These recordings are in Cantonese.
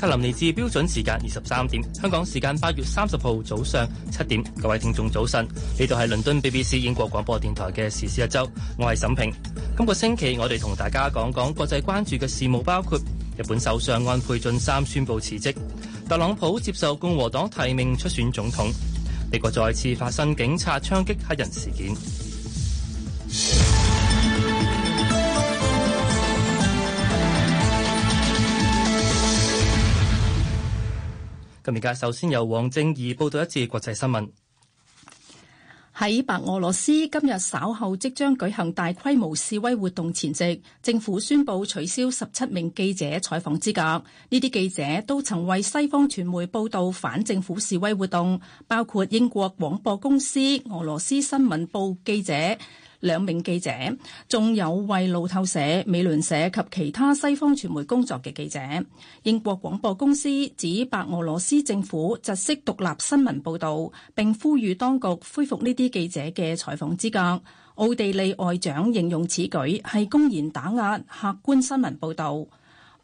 格林尼治標準時間二十三點，香港時間八月三十號早上七點。各位聽眾早晨，呢度係倫敦 BBC 英國廣播電台嘅時事一周。我係沈平。今個星期我哋同大家講講國際關注嘅事務，包括日本首相安倍晉三宣布辭職，特朗普接受共和黨提名出選總統，美國再次發生警察槍擊黑人事件。今日首先由王正儀報道一次國際新聞。喺白俄羅斯今日稍後即將舉行大規模示威活動前夕，政府宣布取消十七名記者採訪資格。呢啲記者都曾為西方傳媒報道反政府示威活動，包括英國廣播公司、俄羅斯新聞報記者。兩名記者，仲有為路透社、美聯社及其他西方傳媒工作嘅記者。英國廣播公司指，白俄羅斯政府窒息獨立新聞報導，並呼籲當局恢復呢啲記者嘅採訪資格。奧地利外長形容此舉係公然打壓客觀新聞報導。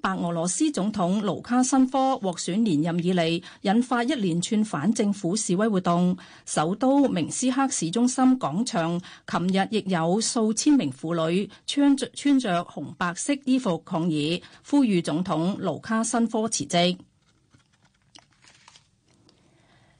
白俄羅斯總統盧卡申科獲選連任以嚟，引發一連串反政府示威活動。首都明斯克市中心廣場，琴日亦有數千名婦女穿着，穿著紅白色衣服抗議，呼籲總統盧卡申科辭職。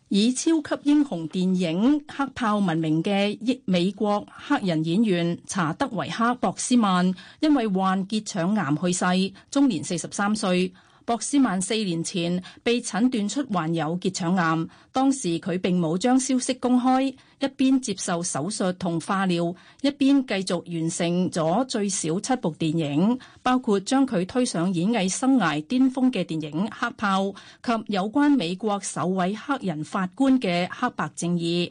以超級英雄電影「黑豹」聞名嘅美國黑人演員查德維克博斯曼，因為患結腸癌去世，終年四十三歲。博斯曼四年前被診斷出患有結腸癌，當時佢並冇將消息公開，一邊接受手術同化療，一邊繼續完成咗最少七部電影，包括將佢推上演藝生涯巔峰嘅電影《黑豹》及有關美國首位黑人法官嘅《黑白正義》。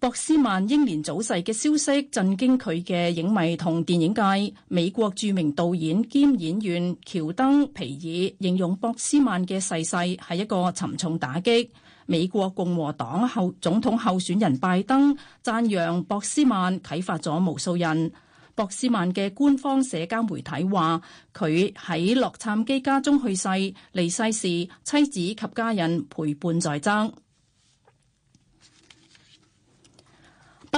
博斯曼英年早逝嘅消息震驚佢嘅影迷同電影界。美國著名導演兼演員喬登皮爾形容博斯曼嘅逝世係一個沉重打擊。美國共和黨候總統候選人拜登讚揚博斯曼啟發咗無數人。博斯曼嘅官方社交媒體話，佢喺洛杉磯家中去世，離世時妻子及家人陪伴在側。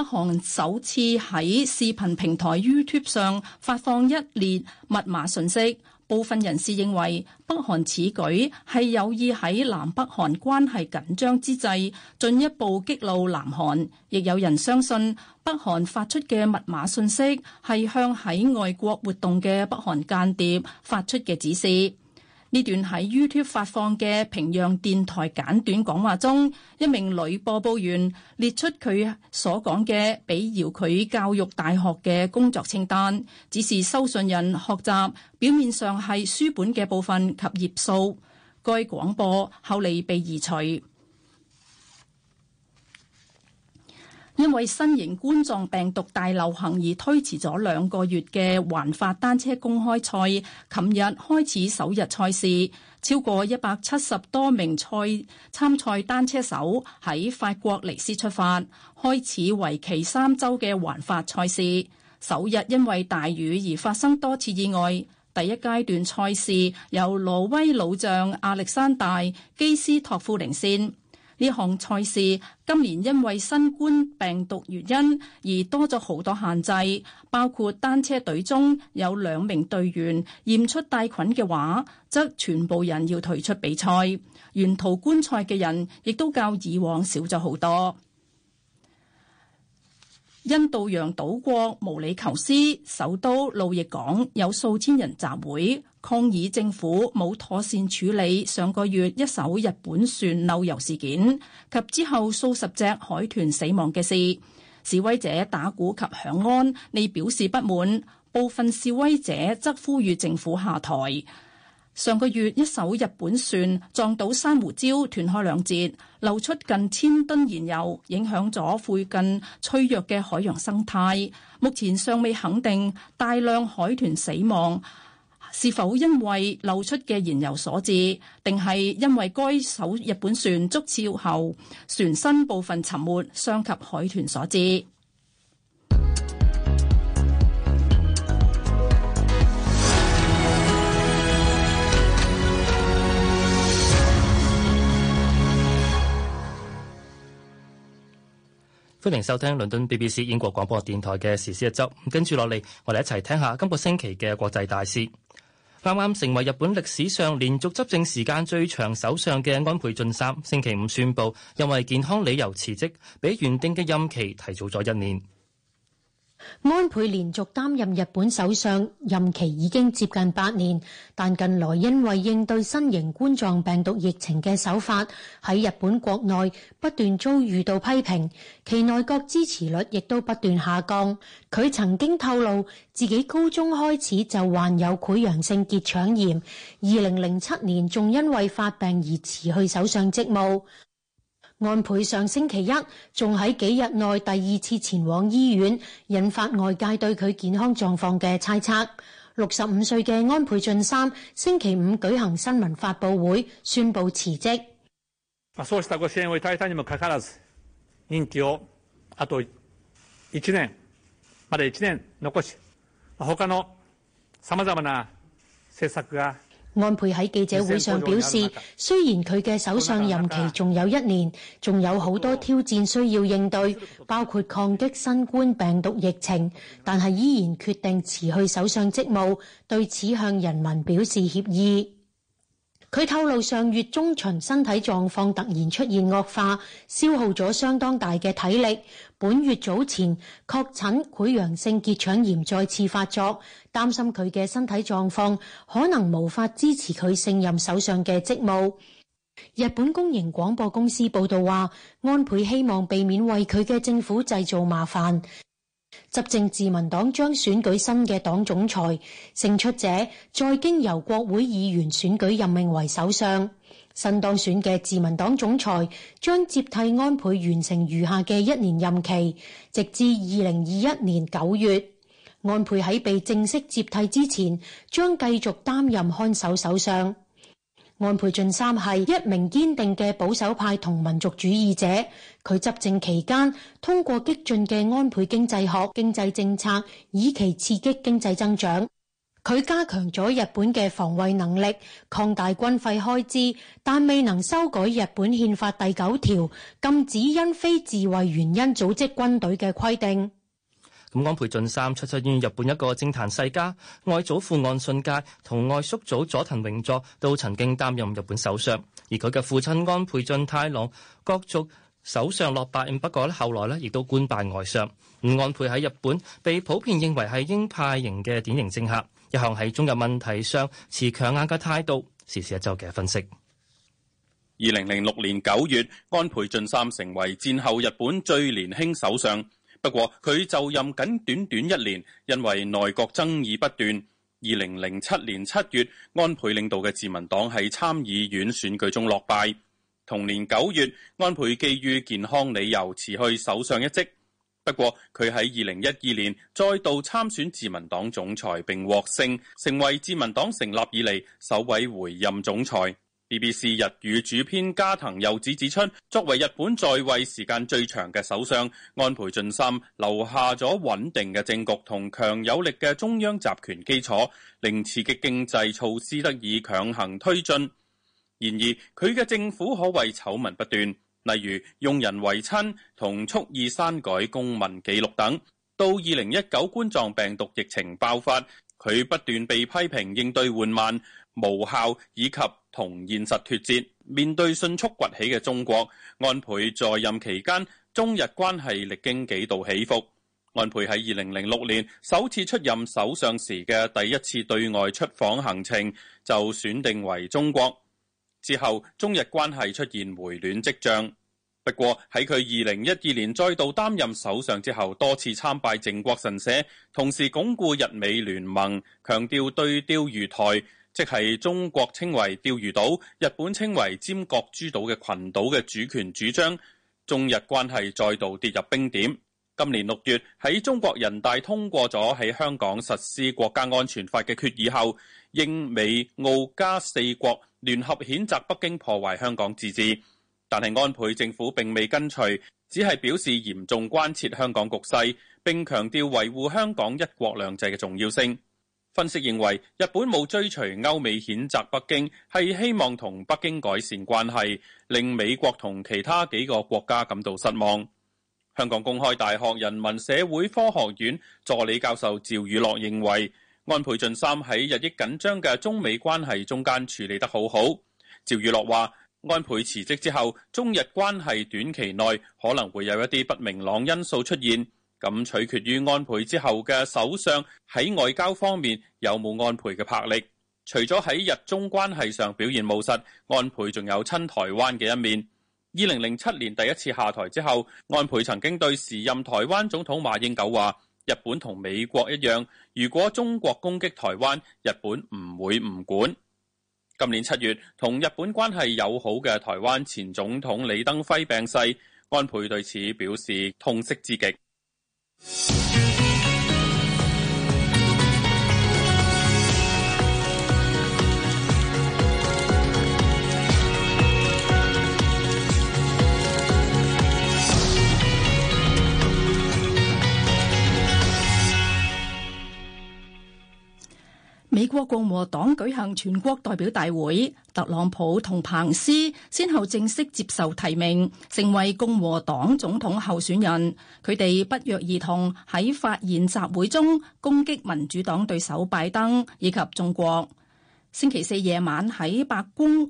北韓首次喺視頻平台 YouTube 上發放一列密碼信息，部分人士認為北韓此舉係有意喺南北韓關係緊張之際，進一步激怒南韓；亦有人相信北韓發出嘅密碼信息係向喺外國活動嘅北韓間諜發出嘅指示。呢段喺 YouTube 發放嘅平壤電台簡短講話中，一名女播報員列出佢所講嘅俾遙距教育大學嘅工作清單，指示收信人學習表面上係書本嘅部分及頁數，該廣播後嚟，被移除。因為新型冠狀病毒大流行而推遲咗兩個月嘅環法單車公開賽，琴日開始首日賽事，超過一百七十多名賽參賽單車手喺法國尼斯出發，開始為期三周嘅環法賽事。首日因為大雨而發生多次意外，第一階段賽事由挪威老將亞歷山大基斯托夫領先。呢項賽事今年因為新冠病毒原因而多咗好多限制，包括單車隊中有兩名隊員驗出帶菌嘅話，則全部人要退出比賽。沿途觀賽嘅人亦都較以往少咗好多。印度洋島國毛里求斯首都路易港有數千人集會。抗議政府冇妥善處理上個月一艘日本船漏油事件及之後數十隻海豚死亡嘅事，示威者打鼓及響安，嚟表示不滿。部分示威者則呼籲政府下台。上個月一艘日本船撞到珊瑚礁，斷開兩節，流出近千噸燃油，影響咗附近脆弱嘅海洋生態。目前尚未肯定大量海豚死亡。是否因為漏出嘅燃油所致，定係因為該艘日本船觸礁後船身部分沉沒，傷及海豚所致？歡迎收聽倫敦 BBC 英國廣播電台嘅時事一周，跟住落嚟，我哋一齊聽下今個星期嘅國際大事。啱啱成為日本歷史上連續執政時間最長首相嘅安倍晉三，星期五宣佈因為健康理由辭職，比原定嘅任期提早咗一年。安倍連續擔任日本首相，任期已經接近八年，但近來因為應對新型冠狀病毒疫情嘅手法，喺日本國內不斷遭遇到批評，其內閣支持率亦都不斷下降。佢曾經透露，自己高中開始就患有潰瘍性結腸炎，二零零七年仲因為發病而辭去首相職務。安倍上星期一仲喺幾日內第二次前往醫院，引發外界對佢健康狀況嘅猜測。六十五歲嘅安倍晉三星期五舉行新聞發布會，宣布辭職。ま、少し高い支援をいただいてもかからず任期をあと一年まで一年殘し、ま、他のさまざまな政策が。安倍喺記者會上表示，雖然佢嘅首相任期仲有一年，仲有好多挑戰需要應對，包括抗擊新冠病毒疫情，但係依然決定辭去首相職務，對此向人民表示歉意。佢透露上月中旬身體狀況突然出現惡化，消耗咗相當大嘅體力。本月早前確診潰瘍性結腸炎再次發作，擔心佢嘅身體狀況可能無法支持佢勝任首相嘅職務。日本公營廣播公司報道話，安倍希望避免為佢嘅政府製造麻煩。執政自民黨將選舉新嘅黨總裁，勝出者再經由國會議員選舉任命為首相。新當選嘅自民黨總裁將接替安倍完成餘下嘅一年任期，直至二零二一年九月。安倍喺被正式接替之前，將繼續擔任看守首相。安倍晉三係一名堅定嘅保守派同民族主義者，佢執政期間通過激進嘅安倍經濟學經濟政策，以期刺激經濟增長。佢加強咗日本嘅防衛能力，擴大軍費開支，但未能修改日本憲法第九條禁止因非自衛原因組織軍隊嘅規定。咁安倍晉三出身於日本一個政壇世家，外祖父岸信介同外叔祖佐藤榮作都曾經擔任日本首相，而佢嘅父親安倍晉太郎角逐首相落敗，不過呢後來呢亦都官拜外相。吳安倍喺日本被普遍認為係鷹派型嘅典型政客。一向喺中日問題上持強硬嘅態度，時事一周嘅分析。二零零六年九月，安倍晉三成為戰後日本最年輕首相。不過，佢就任僅短短一年，因為內閣爭議不斷。二零零七年七月，安倍領導嘅自民黨喺參議院選舉中落敗。同年九月，安倍基於健康理由辭去首相一職。不過，佢喺二零一二年再度參選自民黨總裁並獲勝，成為自民黨成立以嚟首位回任總裁。BBC 日語主編加藤佑子指出，作為日本在位時間最長嘅首相，安倍晉三留下咗穩定嘅政局同強有力嘅中央集權基礎，令刺激經濟措施得以強行推進。然而，佢嘅政府可謂醜聞不斷。例如用人為親同蓄意刪改公文記錄等，到二零一九冠狀病毒疫情爆發，佢不斷被批評應對緩慢、無效以及同現實脫節。面對迅速崛起嘅中國，安倍在任期間中日關係歷經幾度起伏。安倍喺二零零六年首次出任首相時嘅第一次對外出訪行程就選定為中國。之後，中日關係出現回暖跡象。不過喺佢二零一二年再度擔任首相之後，多次參拜靖國神社，同時鞏固日美聯盟，強調對釣魚台（即係中國稱為釣魚島、日本稱為尖閣諸島）嘅群島嘅主權主張。中日關係再度跌入冰點。今年六月喺中國人大通過咗喺香港實施國家安全法嘅決議後，英美澳加四國。聯合譴責北京破壞香港自治，但係安倍政府並未跟隨，只係表示嚴重關切香港局勢，並強調維護香港一國兩制嘅重要性。分析認為，日本冇追隨歐美譴責北京，係希望同北京改善關係，令美國同其他幾個國家感到失望。香港公開大學人文社會科學院助理教授趙宇樂認為。安倍晉三喺日益緊張嘅中美關係中間處理得好好。趙宇樂話：安倍辭職之後，中日關係短期內可能會有一啲不明朗因素出現，咁取決於安倍之後嘅首相喺外交方面有冇安倍嘅魄力。除咗喺日中關係上表現務實，安倍仲有親台灣嘅一面。二零零七年第一次下台之後，安倍曾經對時任台灣總統馬英九話。日本同美國一樣，如果中國攻擊台灣，日本唔會唔管。今年七月，同日本關係友好嘅台灣前總統李登輝病逝，安倍對此表示痛惜之極。美國共和黨舉行全國代表大會，特朗普同彭斯先後正式接受提名，成為共和黨總統候選人。佢哋不約而同喺發言集會中攻擊民主黨對手拜登以及中國。星期四夜晚喺白宮。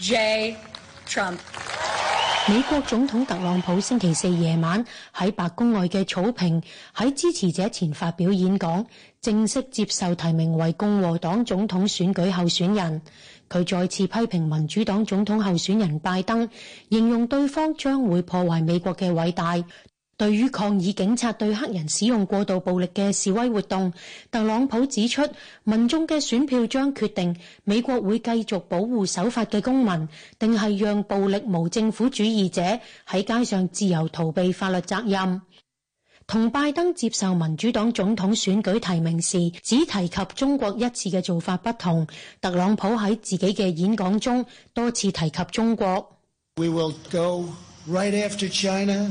J. Trump，美國總統特朗普星期四夜晚喺白宮外嘅草坪喺支持者前發表演講，正式接受提名為共和黨總統選舉候選人。佢再次批評民主黨總統候選人拜登，形容對方將會破壞美國嘅偉大。對於抗議警察對黑人使用過度暴力嘅示威活動，特朗普指出，民眾嘅選票將決定美國會繼續保護守法嘅公民，定係讓暴力無政府主義者喺街上自由逃避法律責任。同拜登接受民主黨總統選舉提名時只提及中國一次嘅做法不同，特朗普喺自己嘅演講中多次提及中國。We will go right after China.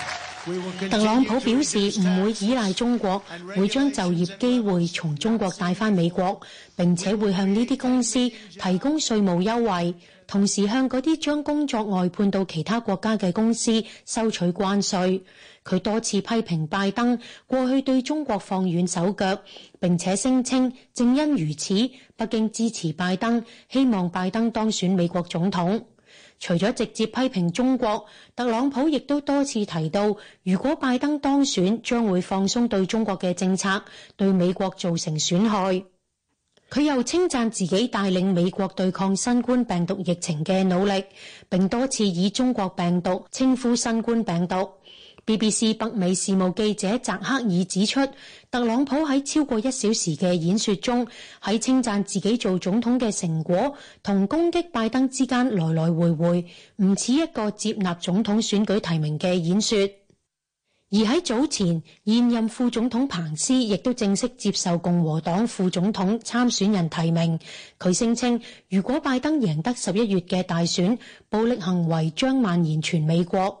特朗普表示唔會依賴中國，會將就業機會從中國帶翻美國，並且會向呢啲公司提供稅務優惠，同時向嗰啲將工作外判到其他國家嘅公司收取關稅。佢多次批評拜登過去對中國放軟手腳，並且聲稱正因如此，北京支持拜登，希望拜登當選美國總統。除咗直接批評中國，特朗普亦都多次提到，如果拜登當選，將會放鬆對中國嘅政策，對美國造成損害。佢又稱讚自己帶領美國對抗新冠病毒疫情嘅努力，並多次以中國病毒稱呼新冠病毒。BBC 北美事務記者澤克爾指出，特朗普喺超過一小時嘅演說中，喺稱讚自己做總統嘅成果同攻擊拜登之間來來回回，唔似一個接納總統選舉提名嘅演說。而喺早前，現任副總統彭斯亦都正式接受共和黨副總統參選人提名。佢聲稱，如果拜登贏得十一月嘅大選，暴力行為將蔓延全美國。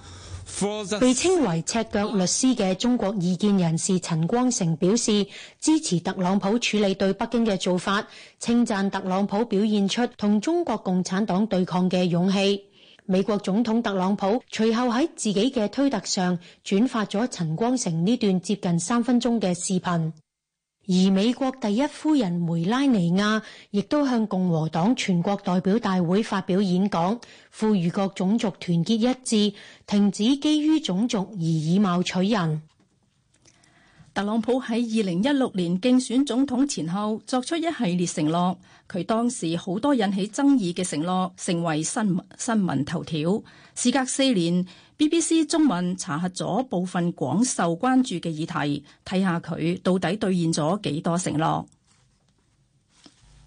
被稱為赤腳律師嘅中國異見人士陳光誠表示支持特朗普處理對北京嘅做法，稱讚特朗普表現出同中國共產黨對抗嘅勇氣。美國總統特朗普隨後喺自己嘅推特上轉發咗陳光誠呢段接近三分鐘嘅視頻。而美國第一夫人梅拉尼亞亦都向共和黨全國代表大會發表演講，呼籲各種族團結一致，停止基於種族而以貌取人。特朗普喺二零一六年競選總統前後作出一系列承諾，佢當時好多引起爭議嘅承諾成為新聞新聞頭條。事隔四年，BBC 中文查核咗部分廣受關注嘅議題，睇下佢到底兌現咗幾多承諾。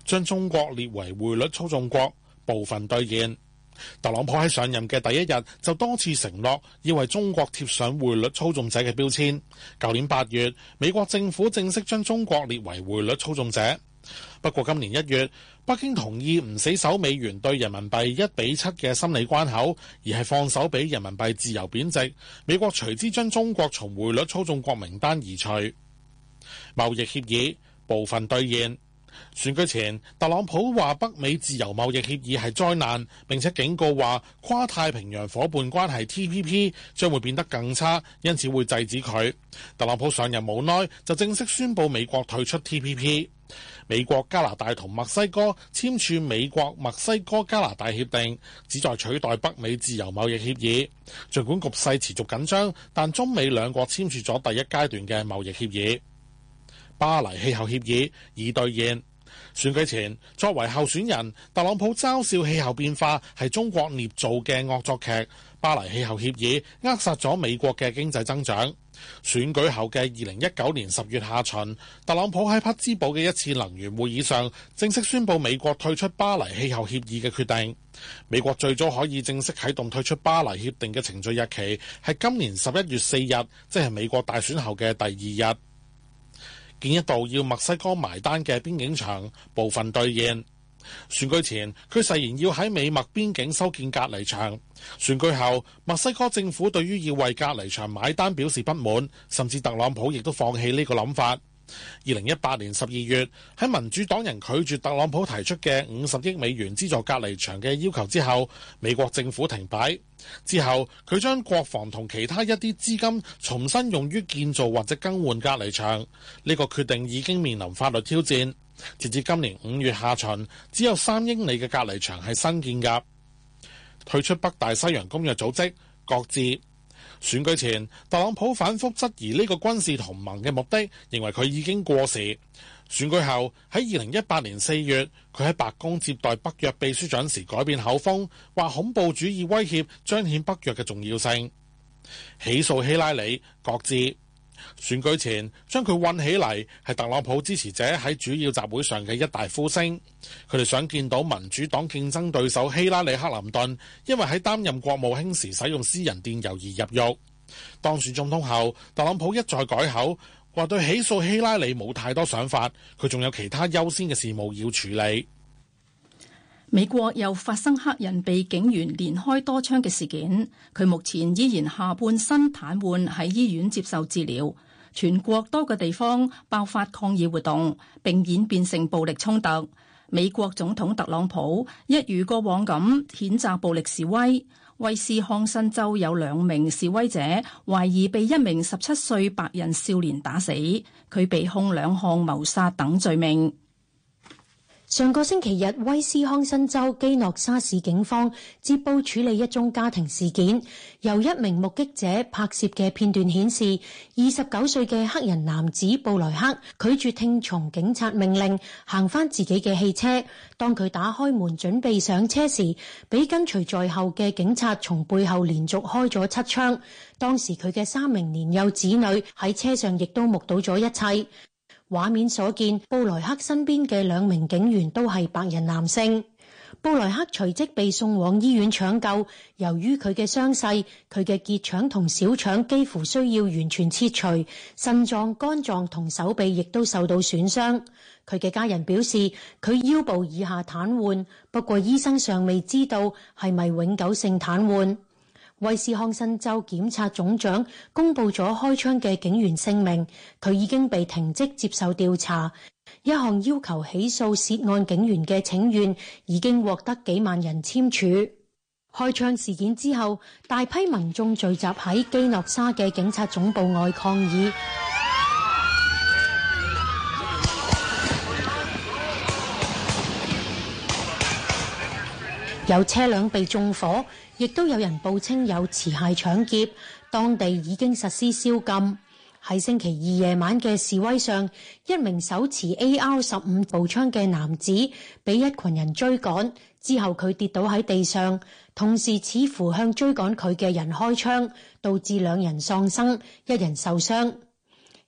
將中國列為匯率操縱國，部分兌現。特朗普喺上任嘅第一日就多次承諾要為中國貼上匯率操縱者嘅標籤。舊年八月，美國政府正式將中國列為匯率操縱者。不過今年一月，北京同意唔死守美元兌人民幣一比七嘅心理關口，而係放手俾人民幣自由貶值。美國隨之將中國從匯率操縱國名單移除。貿易協議部分兌現。選舉前，特朗普話北美自由貿易協議係災難，並且警告話跨太平洋伙伴關係 TPP 將會變得更差，因此會制止佢。特朗普上任冇耐就正式宣布美國退出 TPP。美國、加拿大同墨西哥簽署美國、墨西哥、加拿大協定，旨在取代北美自由貿易協議。儘管局勢持續緊張，但中美兩國簽署咗第一階段嘅貿易協議。巴黎氣候協議已兌現。選舉前，作為候選人，特朗普嘲笑氣候變化係中國捏造嘅惡作劇，巴黎氣候協議扼殺咗美國嘅經濟增長。選舉後嘅二零一九年十月下旬，特朗普喺匹茲堡嘅一次能源會議上正式宣布美國退出巴黎氣候協議嘅決定。美國最早可以正式啟動退出巴黎協定嘅程序日期係今年十一月四日，即係美國大選後嘅第二日。建一道要墨西哥埋單嘅邊境牆，部分兌現。選舉前，佢誓言要喺美墨邊境修建隔離牆。選舉後，墨西哥政府對於要為隔離牆買單表示不滿，甚至特朗普亦都放棄呢個諗法。二零一八年十二月，喺民主黨人拒絕特朗普提出嘅五十億美元資助隔離牆嘅要求之後，美國政府停擺。之後佢將國防同其他一啲資金重新用於建造或者更換隔離牆。呢、這個決定已經面臨法律挑戰。截至今年五月下旬，只有三英里嘅隔離牆係新建㗎。退出北大西洋公約組織，各自。選舉前，特朗普反覆質疑呢個軍事同盟嘅目的，認為佢已經過時。選舉後，喺二零一八年四月，佢喺白宮接待北約秘書長時改變口風，話恐怖主義威脅彰顯北約嘅重要性。起訴希拉里，各自。選舉前將佢困起嚟係特朗普支持者喺主要集會上嘅一大呼聲，佢哋想見到民主黨競爭對手希拉里克林頓，因為喺擔任國務卿時使用私人電郵而入獄。當選總統後，特朗普一再改口話對起訴希拉里冇太多想法，佢仲有其他優先嘅事務要處理。美國又發生黑人被警員連開多槍嘅事件，佢目前依然下半身癱瘓喺醫院接受治療。全國多個地方爆發抗議活動，並演變成暴力衝突。美國總統特朗普一如過往咁譴責暴力示威。威斯康辛州有兩名示威者懷疑被一名十七歲白人少年打死，佢被控兩項謀殺等罪名。上個星期日，威斯康辛州基諾沙市警方接報處理一宗家庭事件，由一名目擊者拍攝嘅片段顯示，二十九歲嘅黑人男子布萊克拒絕聽從警察命令行返自己嘅汽車，當佢打開門準備上車時，俾跟隨在後嘅警察從背後連續開咗七槍。當時佢嘅三名年幼子女喺車上亦都目睹咗一切。畫面所見，布萊克身邊嘅兩名警員都係白人男性。布萊克隨即被送往醫院搶救，由於佢嘅傷勢，佢嘅結腸同小腸幾乎需要完全切除，腎臟、肝臟同手臂亦都受到損傷。佢嘅家人表示，佢腰部以下癱瘓，不過醫生尚未知道係咪永久性癱瘓。威斯康辛州檢察總長公布咗開槍嘅警員姓名，佢已經被停職接受調查。一項要求起訴涉案警員嘅請願已經獲得幾萬人簽署。開槍事件之後，大批民眾聚集喺基諾沙嘅警察總部外抗議，有車輛被縱火。亦都有人報稱有持械搶劫，當地已經實施宵禁。喺星期二夜晚嘅示威上，一名手持 AR 十五步槍嘅男子被一群人追趕，之後佢跌倒喺地上，同時似乎向追趕佢嘅人開槍，導致兩人喪生，一人受傷。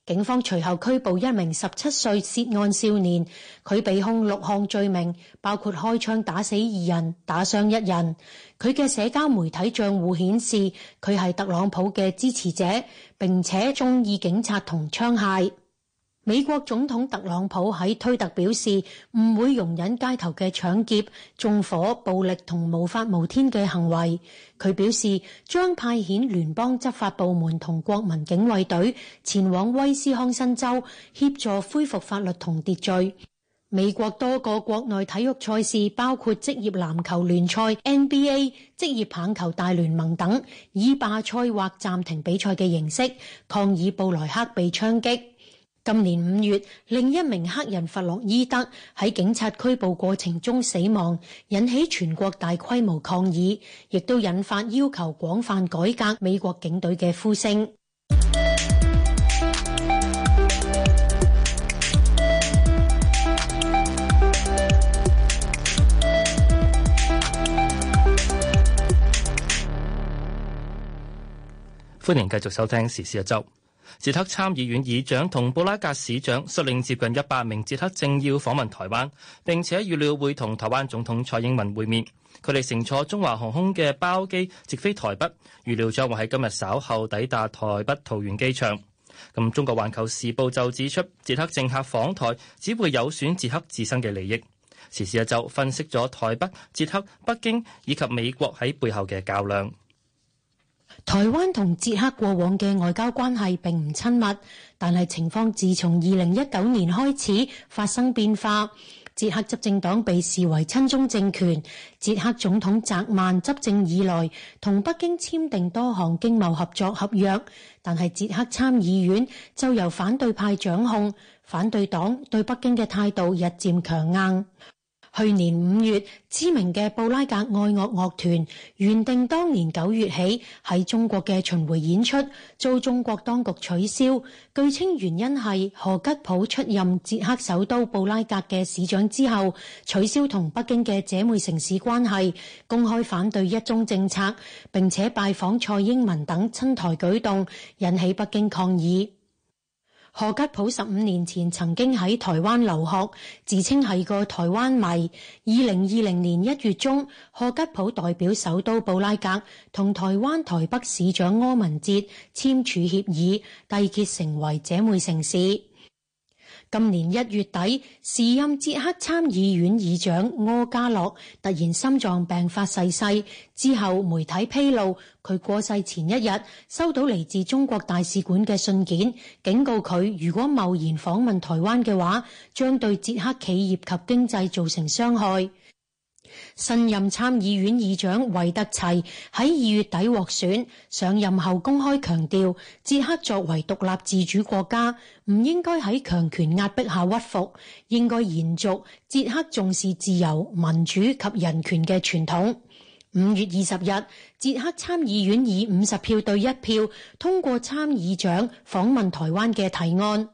警方隨後拘捕一名十七歲涉案少年，佢被控六項罪名，包括開槍打死二人、打傷一人。佢嘅社交媒體賬戶顯示佢係特朗普嘅支持者，並且中意警察同槍械。美國總統特朗普喺推特表示，唔會容忍街頭嘅搶劫、縱火、暴力同無法無天嘅行為。佢表示，將派遣聯邦執法部門同國民警衛隊前往威斯康辛州協助恢復法律同秩序。美國多個國內體育賽事，包括職業籃球聯賽 NBA、職業棒球大聯盟等，以罷賽或暫停比賽嘅形式抗議布萊克被槍擊。今年五月，另一名黑人弗洛伊德喺警察拘捕過程中死亡，引起全國大規模抗議，亦都引發要求廣泛改革美國警隊嘅呼聲。歡迎繼續收聽時事一周。捷克參議院議長同布拉格市長率領接近一百名捷克政要訪問台灣，並且預料會同台灣總統蔡英文會面。佢哋乘坐中華航空嘅包機直飛台北，預料將會喺今日稍後抵達台北桃園機場。咁中國環球時報就指出，捷克政客訪台只會有損捷克自身嘅利益。時事一周分析咗台北、捷克、北京以及美國喺背後嘅較量。台灣同捷克過往嘅外交關係並唔親密，但係情況自從二零一九年開始發生變化。捷克執政黨被視為親中政權，捷克總統澤曼執政以來，同北京簽訂多項經貿合作合約，但係捷克參議院就由反對派掌控，反對黨對北京嘅態度日漸強硬。去年五月，知名嘅布拉格愛樂樂團原定當年九月起喺中國嘅巡迴演出，遭中國當局取消。據稱原因係何吉普出任捷克首都布拉格嘅市長之後，取消同北京嘅姐妹城市關係，公開反對一中政策，並且拜訪蔡英文等親台舉動，引起北京抗議。何吉普十五年前曾經喺台灣留學，自稱係個台灣迷。二零二零年一月中，何吉普代表首都布拉格同台灣台北市長柯文哲簽署協議，締結成為姐妹城市。今年一月底，時任捷克參議院議長柯家樂突然心臟病發逝世。之後媒體披露，佢過世前一日收到嚟自中國大使館嘅信件，警告佢如果貿然訪問台灣嘅話，將對捷克企業及經濟造成傷害。新任參議院議長維特齊喺二月底獲選，上任後公開強調，捷克作為獨立自主國家，唔應該喺強權壓迫下屈服，應該延續捷克重視自由、民主及人權嘅傳統。五月二十日，捷克參議院以五十票對一票通過參議長訪問台灣嘅提案。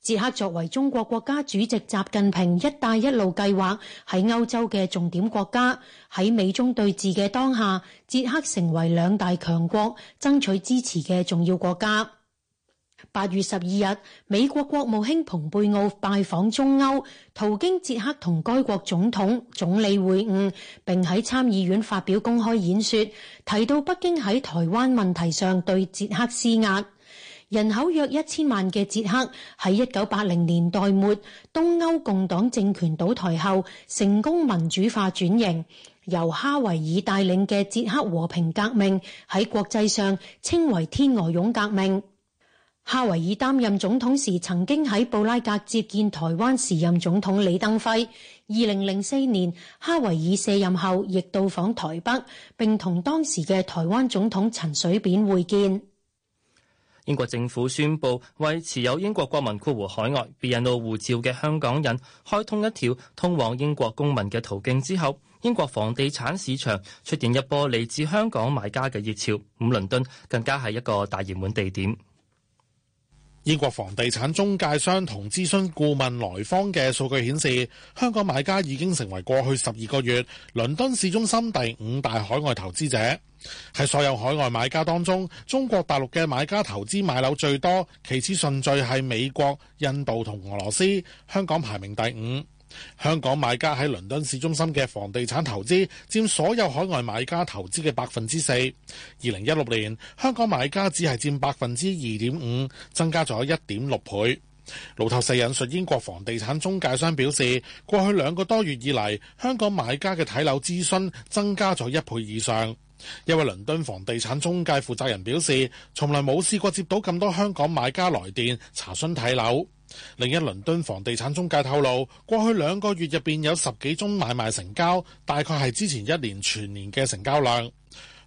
捷克作為中國國家主席習近平“一帶一路”計劃喺歐洲嘅重點國家，喺美中對峙嘅當下，捷克成為兩大強國爭取支持嘅重要國家。八月十二日，美國國務卿蓬佩奧拜訪中歐，途經捷克同該國總統、總理會晤，並喺參議院發表公開演說，提到北京喺台灣問題上對捷克施壓。人口約一千萬嘅捷克喺一九八零年代末東歐共黨政權倒台後，成功民主化轉型。由哈維爾帶領嘅捷克和平革命喺國際上稱為天鵝絨革命。哈維爾擔任總統時，曾經喺布拉格接見台灣時任總統李登輝。二零零四年，哈維爾卸任後，亦到訪台北，並同當時嘅台灣總統陳水扁會見。英國政府宣布為持有英國國民括弧海外 BNO 護照嘅香港人開通一條通往英國公民嘅途徑之後，英國房地產市場出現一波嚟自香港買家嘅熱潮，五倫敦更加係一個大熱門地點。英國房地產中介商同諮詢顧問萊坊嘅數據顯示，香港買家已經成為過去十二個月倫敦市中心第五大海外投資者，喺所有海外買家當中，中國大陸嘅買家投資買樓最多，其次順序係美國、印度同俄羅斯，香港排名第五。香港買家喺倫敦市中心嘅房地產投資佔所有海外買家投資嘅百分之四。二零一六年，香港買家只係佔百分之二點五，增加咗一點六倍。路透社引述英國房地產中介商表示，過去兩個多月以嚟，香港買家嘅睇樓諮詢增加咗一倍以上。一位倫敦房地產中介負責人表示，從來冇試過接到咁多香港買家來電查詢睇樓。另一倫敦房地產中介透露，過去兩個月入邊有十幾宗買賣成交，大概係之前一年全年嘅成交量。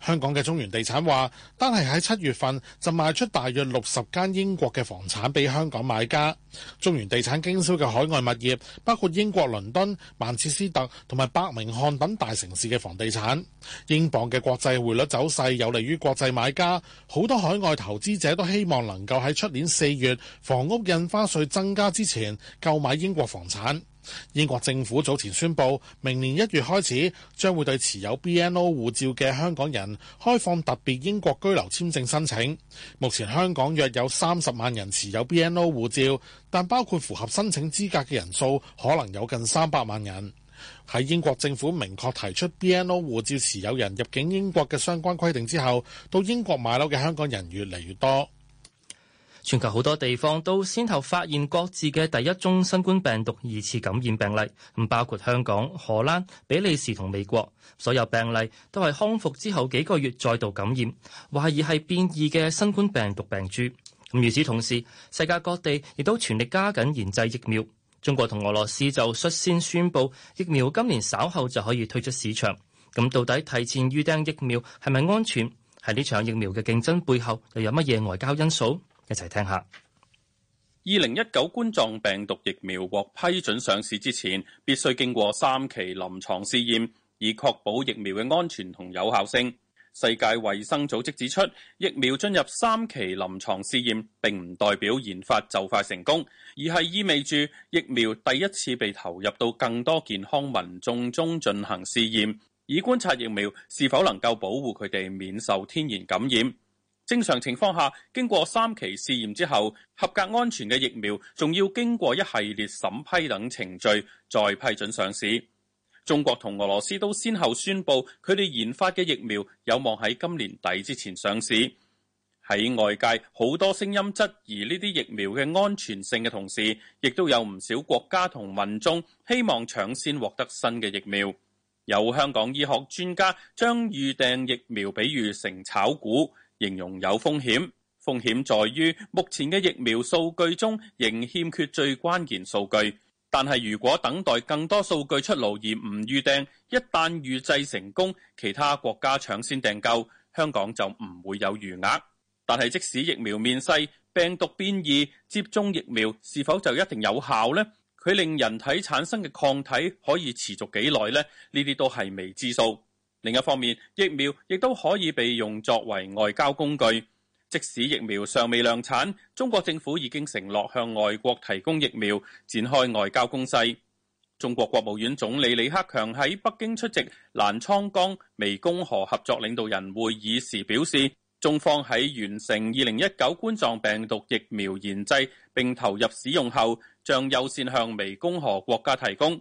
香港嘅中原地產話，單係喺七月份就賣出大約六十間英國嘅房產俾香港買家。中原地產經銷嘅海外物業包括英國倫敦、曼徹斯特同埋伯明翰等大城市嘅房地產。英鎊嘅國際匯率走勢有利於國際買家，好多海外投資者都希望能夠喺出年四月房屋印花稅增加之前購買英國房產。英國政府早前宣布，明年一月開始將會對持有 BNO 護照嘅香港人開放特別英國居留簽證申請。目前香港約有三十萬人持有 BNO 護照，但包括符合申請資格嘅人數可能有近三百萬人。喺英國政府明確提出 BNO 護照持有人入境英國嘅相關規定之後，到英國買樓嘅香港人越嚟越多。全球好多地方都先後發現各自嘅第一宗新冠病毒二次感染病例，唔包括香港、荷蘭、比利時同美國。所有病例都係康復之後幾個月再度感染，懷疑係變異嘅新冠病毒病株。咁，與此同時，世界各地亦都全力加緊研製疫苗。中國同俄羅斯就率先宣布疫苗今年稍後就可以推出市場，咁到底提前預訂疫苗係咪安全？喺呢場疫苗嘅競爭背後又有乜嘢外交因素？一齊聽下。二零一九冠狀病毒疫苗獲批准上市之前，必須經過三期臨床試驗，以確保疫苗嘅安全同有效性。世界衛生組織指出，疫苗進入三期臨床試驗，並唔代表研發就快成功，而係意味住疫苗第一次被投入到更多健康民眾中進行試驗，以觀察疫苗是否能夠保護佢哋免受天然感染。正常情況下，經過三期試驗之後，合格安全嘅疫苗仲要經過一系列審批等程序，再批准上市。中國同俄羅斯都先後宣布佢哋研發嘅疫苗有望喺今年底之前上市。喺外界好多聲音質疑呢啲疫苗嘅安全性嘅同時，亦都有唔少國家同民眾希望搶先獲得新嘅疫苗。有香港醫學專家將預訂疫苗比喻成炒股。形容有風險，風險在於目前嘅疫苗數據中仍欠缺最關鍵數據。但係如果等待更多數據出爐而唔預訂，一旦預製成功，其他國家搶先訂購，香港就唔會有餘額。但係即使疫苗面世，病毒變異，接種疫苗是否就一定有效呢？佢令人體產生嘅抗體可以持續幾耐呢？呢啲都係未知數。另一方面，疫苗亦都可以被用作為外交工具。即使疫苗尚未量產，中國政府已經承諾向外國提供疫苗，展開外交攻勢。中國國務院總理李克強喺北京出席瀾滄江湄公河合作領導人會議時表示，中方喺完成二零一九冠狀病毒疫苗研製並投入使用後，將優先向湄公河國家提供。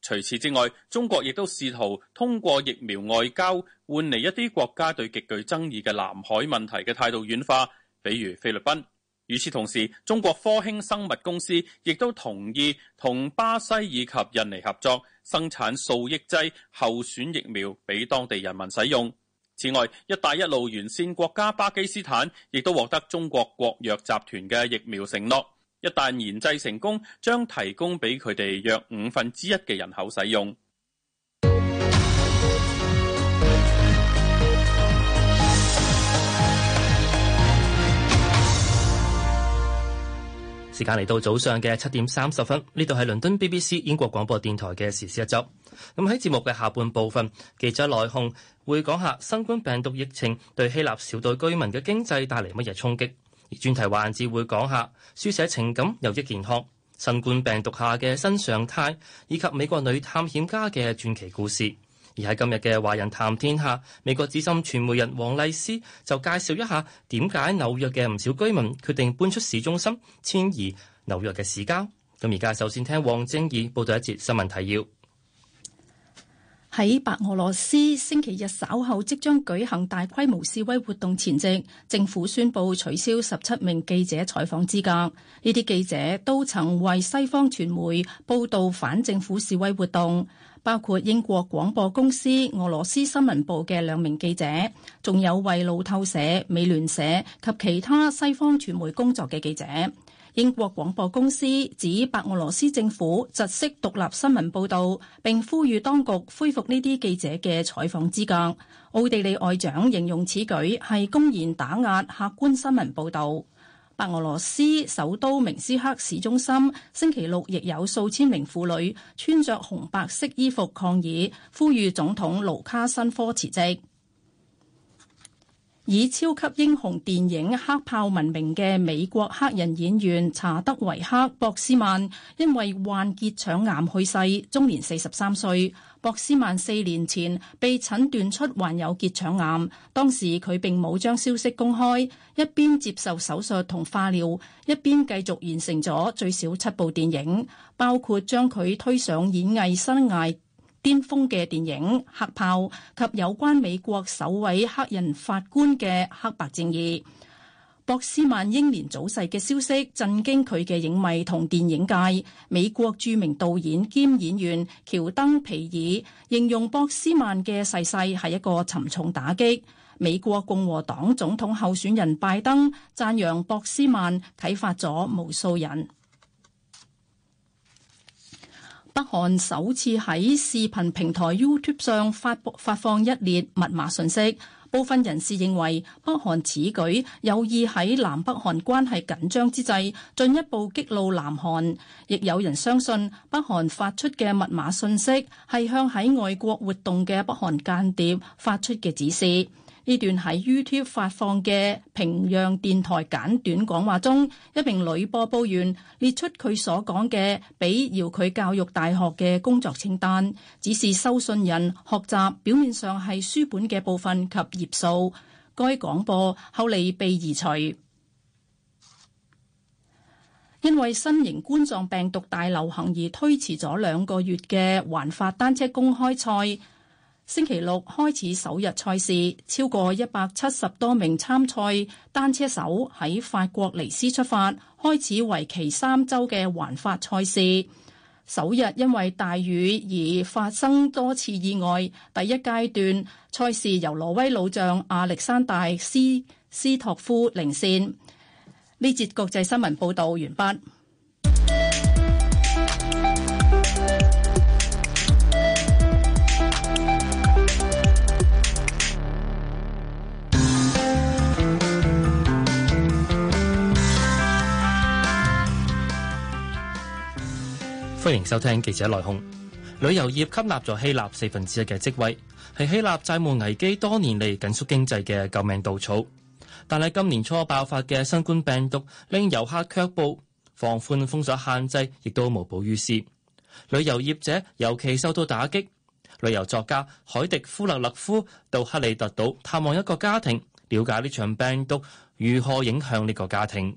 除此之外，中國亦都試圖通過疫苗外交換嚟一啲國家對極具爭議嘅南海問題嘅態度軟化，比如菲律賓。與此同時，中國科興生物公司亦都同意同巴西以及印尼合作生產數億劑候選疫苗，俾當地人民使用。此外，「一帶一路」完善國家巴基斯坦亦都獲得中國國藥集團嘅疫苗承諾。一旦研製成功，將提供俾佢哋約五分之一嘅人口使用。時間嚟到早上嘅七點三十分，呢度係倫敦 BBC 英國廣播電台嘅時事一周。咁喺節目嘅下半部分，記者來鴻會講下新冠病毒疫情對希臘小島居民嘅經濟帶嚟乜嘢衝擊。而專題環節會講下書寫情感有益健康、新冠病毒下嘅新常態，以及美國女探險家嘅傳奇故事。而喺今日嘅《華人談天下》，美國資深傳媒人黃麗斯就介紹一下點解紐約嘅唔少居民決定搬出市中心遷紐市，遷移紐約嘅市郊。咁而家首先聽黃晶怡報道一節新聞提要。喺白俄羅斯星期日稍後即將舉行大規模示威活動前夕，政府宣布取消十七名記者採訪資格。呢啲記者都曾為西方傳媒報道反政府示威活動，包括英國廣播公司、俄羅斯新聞部嘅兩名記者，仲有為路透社、美聯社及其他西方傳媒工作嘅記者。英國廣播公司指白俄羅斯政府窒息獨立新聞報道，並呼籲當局恢復呢啲記者嘅採訪資格。奧地利外長形容此舉係公然打壓客觀新聞報道。白俄羅斯首都明斯克市中心星期六亦有數千名婦女穿着紅白色衣服抗議，呼籲總統盧卡申科辭職。以超級英雄電影黑豹聞名嘅美國黑人演員查德維克·博斯曼，因為患結腸癌去世，終年四十三歲。博斯曼四年前被診斷出患有結腸癌，當時佢並冇將消息公開，一邊接受手術同化療，一邊繼續完成咗最少七部電影，包括將佢推上演藝生涯。巔峰嘅電影《黑豹》及有關美國首位黑人法官嘅《黑白正義》，博斯曼英年早逝嘅消息震驚佢嘅影迷同電影界。美國著名導演兼演員喬丹皮爾形容博斯曼嘅逝世係一個沉重打擊。美國共和黨總統候選人拜登讚揚博斯曼啟發咗無數人。北韓首次喺視頻平台 YouTube 上發佈發放一列密碼信息，部分人士認為北韓此舉有意喺南北韓關係緊張之際進一步激怒南韓，亦有人相信北韓發出嘅密碼信息係向喺外國活動嘅北韓間諜發出嘅指示。呢段喺 YouTube 發放嘅平壤電台簡短講話中，一名女播報員列出佢所講嘅，俾要佢教育大學嘅工作清單，只是收信人學習表面上係書本嘅部分及頁數，該廣播後嚟被移除。因為新型冠狀病毒大流行而推遲咗兩個月嘅環法單車公開賽，星期六開始首日賽事，超過一百七十多名參賽單車手喺法國尼斯出發，開始為期三周嘅環法賽事。首日因為大雨而發生多次意外。第一階段賽事由挪威老將亞歷山大斯斯托夫領先。呢節國際新聞報道完畢。歡迎收聽記者來鴻。旅遊業吸納咗希臘四分之一嘅職位，係希臘債務危機多年嚟緊縮經濟嘅救命稻草。但係今年初爆發嘅新冠病毒令遊客卻步，放寬封鎖限制亦都無補於事。旅遊業者尤其受到打擊。旅遊作家海迪夫勒勒夫到克里特島探望一個家庭，了解呢場病毒如何影響呢個家庭。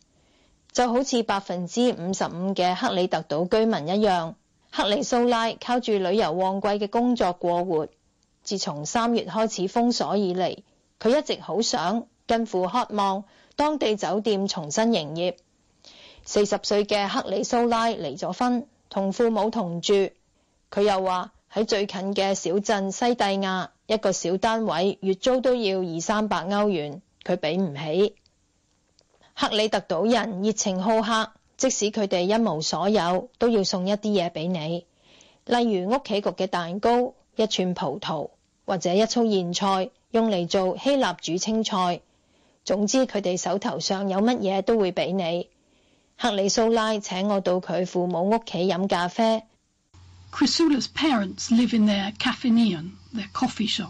就好似百分之五十五嘅克里特島居民一樣，克里蘇拉靠住旅遊旺季嘅工作過活。自從三月開始封鎖以嚟，佢一直好想，近乎渴望當地酒店重新營業。四十歲嘅克里蘇拉離咗婚，同父母同住。佢又話喺最近嘅小鎮西蒂亞，一個小單位月租都要二三百歐元，佢畀唔起。克里特島人熱情好客，即使佢哋一無所有，都要送一啲嘢俾你，例如屋企焗嘅蛋糕、一串葡萄或者一束芫菜，用嚟做希臘煮青菜。總之，佢哋手頭上有乜嘢都會俾你。克里蘇拉請我到佢父母屋企飲咖啡。Chrisoula's parents live in their kafeneion, their coffee shop.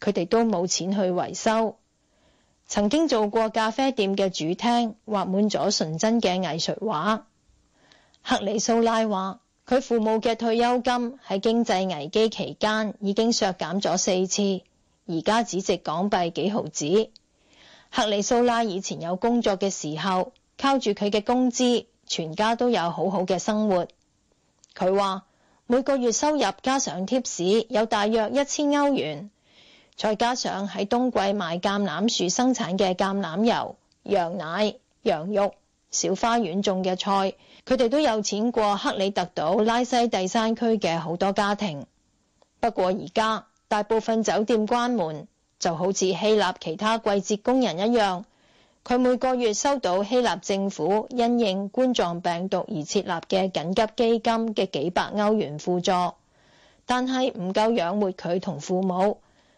佢哋都冇錢去維修。曾經做過咖啡店嘅主廳，畫滿咗純真嘅藝術畫。克里蘇拉話：佢父母嘅退休金喺經濟危機期間已經削減咗四次，而家只值港幣幾毫子。克里蘇拉以前有工作嘅時候，靠住佢嘅工資，全家都有好好嘅生活。佢話每個月收入加上貼士有大約一千歐元。再加上喺冬季賣橄欖樹生產嘅橄欖油、羊奶、羊肉、小花園種嘅菜，佢哋都有錢過克里特島拉西蒂山區嘅好多家庭。不過而家大部分酒店關門，就好似希臘其他季節工人一樣。佢每個月收到希臘政府因應冠狀病毒而設立嘅緊急基金嘅幾百歐元補助，但係唔夠養活佢同父母。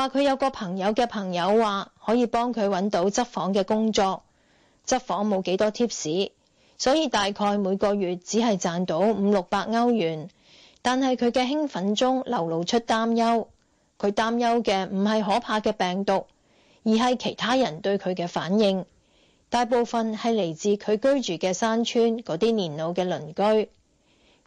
話佢有個朋友嘅朋友話可以幫佢揾到執房嘅工作，執房冇幾多 tips，所以大概每個月只係賺到五六百歐元。但係佢嘅興奮中流露出擔憂，佢擔憂嘅唔係可怕嘅病毒，而係其他人對佢嘅反應。大部分係嚟自佢居住嘅山村嗰啲年老嘅鄰居，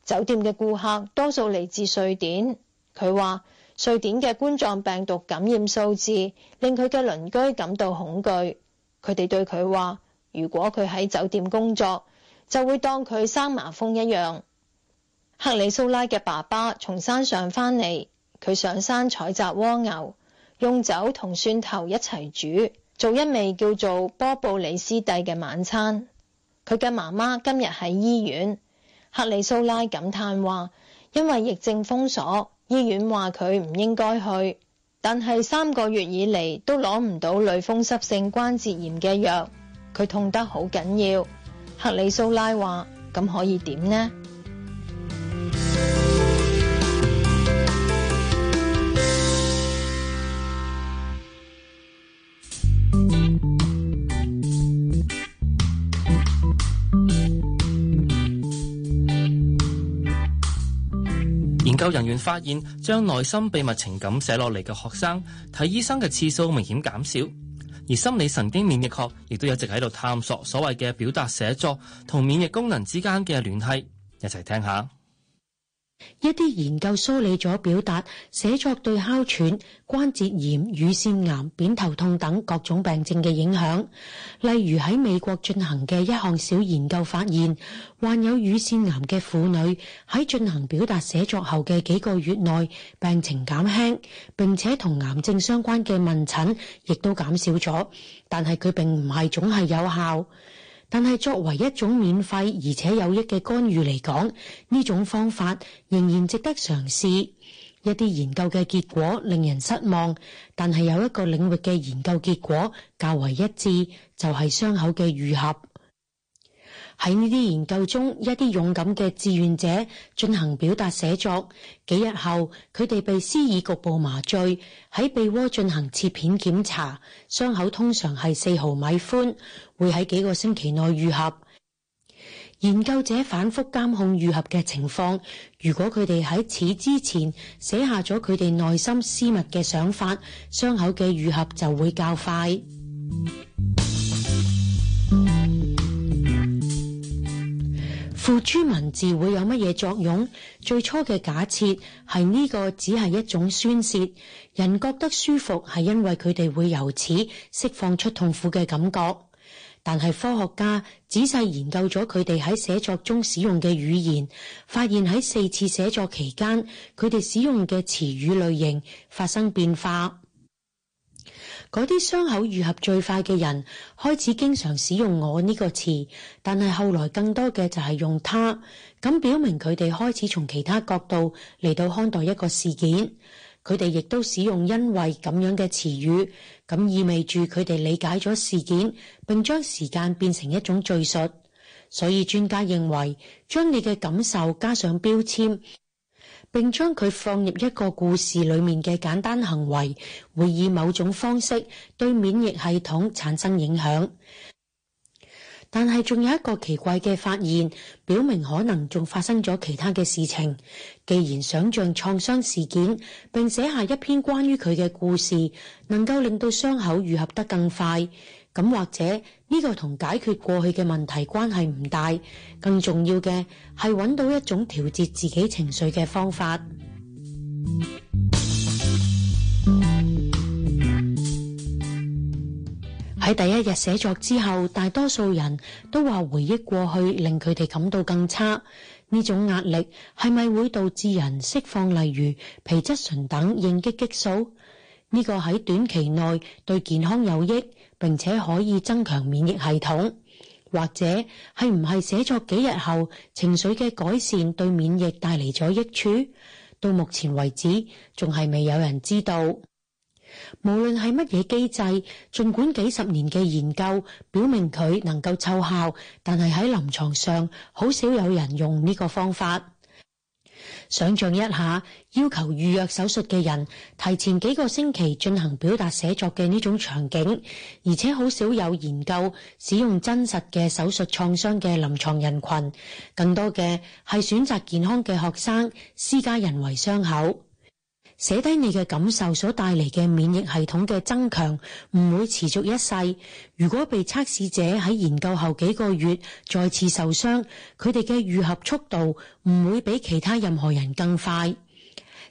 酒店嘅顧客多數嚟自瑞典。佢話。瑞典嘅冠狀病毒感染數字令佢嘅鄰居感到恐懼，佢哋對佢話：如果佢喺酒店工作，就會當佢生麻風一樣。克里蘇拉嘅爸爸從山上翻嚟，佢上山採集蝸牛，用酒同蒜頭一齊煮，做一味叫做波布里斯蒂嘅晚餐。佢嘅媽媽今日喺醫院。克里蘇拉感嘆話：因為疫症封鎖。醫院話佢唔應該去，但係三個月以嚟都攞唔到類風濕性關節炎嘅藥，佢痛得好緊要。克里蘇拉話：咁可以點呢？研究人員發現，將內心秘密情感寫落嚟嘅學生，睇醫生嘅次數明顯減少。而心理神經免疫學亦都有一直喺度探索所謂嘅表達寫作同免疫功能之間嘅聯繫，一齊聽一下。一啲研究梳理咗表達寫作對哮喘、關節炎、乳腺癌、偏頭痛等各種病症嘅影響。例如喺美國進行嘅一項小研究發現，患有乳腺癌嘅婦女喺進行表達寫作後嘅幾個月內，病情減輕，並且同癌症相關嘅問診亦都減少咗。但係佢並唔係總係有效。但係作為一種免費而且有益嘅干預嚟講，呢種方法仍然值得嘗試。一啲研究嘅結果令人失望，但係有一個領域嘅研究結果較為一致，就係傷口嘅愈合。喺呢啲研究中，一啲勇敢嘅志願者進行表達寫作，幾日後，佢哋被施以局部麻醉，喺鼻窩進行切片檢查，傷口通常係四毫米寬，會喺幾個星期內愈合。研究者反覆監控愈合嘅情況，如果佢哋喺此之前寫下咗佢哋內心私密嘅想法，傷口嘅愈合就會較快。書寫文字會有乜嘢作用？最初嘅假設係呢個只係一種宣泄，人覺得舒服係因為佢哋會由此釋放出痛苦嘅感覺。但係科學家仔細研究咗佢哋喺寫作中使用嘅語言，發現喺四次寫作期間，佢哋使用嘅詞語類型發生變化。嗰啲傷口愈合最快嘅人開始經常使用我呢個詞，但係後來更多嘅就係用他，咁表明佢哋開始從其他角度嚟到看待一個事件。佢哋亦都使用因為咁樣嘅詞語，咁意味住佢哋理解咗事件，並將時間變成一種敘述。所以專家認為，將你嘅感受加上標籤。並將佢放入一個故事裡面嘅簡單行為，會以某種方式對免疫系統產生影響。但係仲有一個奇怪嘅發現，表明可能仲發生咗其他嘅事情。既然想像創傷事件，並寫下一篇關於佢嘅故事，能夠令到傷口愈合得更快。咁或者呢個同解決過去嘅問題關係唔大，更重要嘅係揾到一種調節自己情緒嘅方法。喺第一日寫作之後，大多數人都話回憶過去令佢哋感到更差。呢種壓力係咪會導致人釋放，例如皮質醇等應激激素？呢個喺短期內對健康有益。並且可以增強免疫系統，或者係唔係寫作幾日後情緒嘅改善對免疫帶嚟咗益處？到目前為止，仲係未有人知道。無論係乜嘢機制，儘管幾十年嘅研究表明佢能夠奏效，但係喺臨床上，好少有人用呢個方法。想象一下，要求預約手術嘅人提前幾個星期進行表達寫作嘅呢種場景，而且好少有研究使用真實嘅手術創傷嘅臨床人群，更多嘅係選擇健康嘅學生施加人為傷口。寫低你嘅感受所帶嚟嘅免疫系統嘅增強唔會持續一世。如果被測試者喺研究後幾個月再次受傷，佢哋嘅愈合速度唔會比其他任何人更快。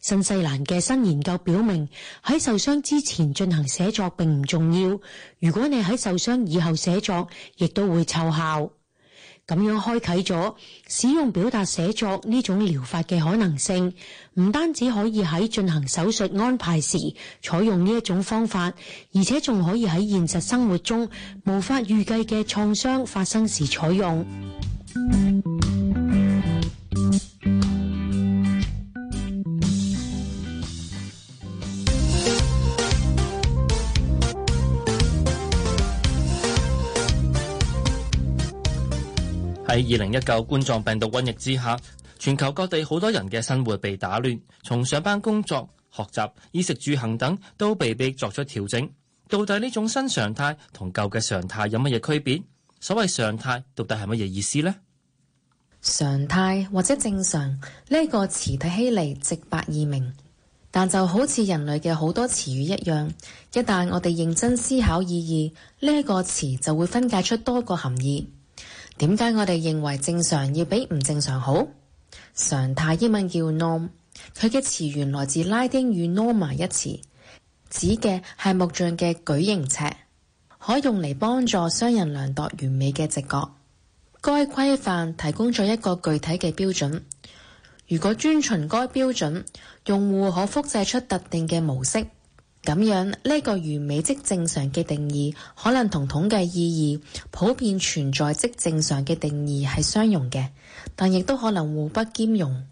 新西蘭嘅新研究表明，喺受傷之前進行寫作並唔重要。如果你喺受傷以後寫作，亦都會奏效。咁樣開啟咗使用表達寫作呢種療法嘅可能性，唔單止可以喺進行手術安排時採用呢一種方法，而且仲可以喺現實生活中無法預計嘅創傷發生時採用。喺二零一九冠狀病毒瘟疫之下，全球各地好多人嘅生活被打亂，從上班、工作、學習、衣食住行等都被迫作出調整。到底呢種新常態同舊嘅常態有乜嘢區別？所謂常態，到底係乜嘢意思呢？「常態或者正常呢個詞睇起嚟直白易明，但就好似人類嘅好多詞語一樣，一旦我哋認真思考意義，呢個詞就會分解出多個含義。點解我哋認為正常要比唔正常好？常態英文叫 norm，佢嘅詞源來自拉丁語 norma 一詞，指嘅係木匠嘅矩形尺，可用嚟幫助商人量度完美嘅直角。該規範提供咗一個具體嘅標準，如果遵循該標準，用戶可複製出特定嘅模式。咁樣呢個完美即正常嘅定義，可能同統計意義普遍存在即正常嘅定義係相容嘅，但亦都可能互不兼容。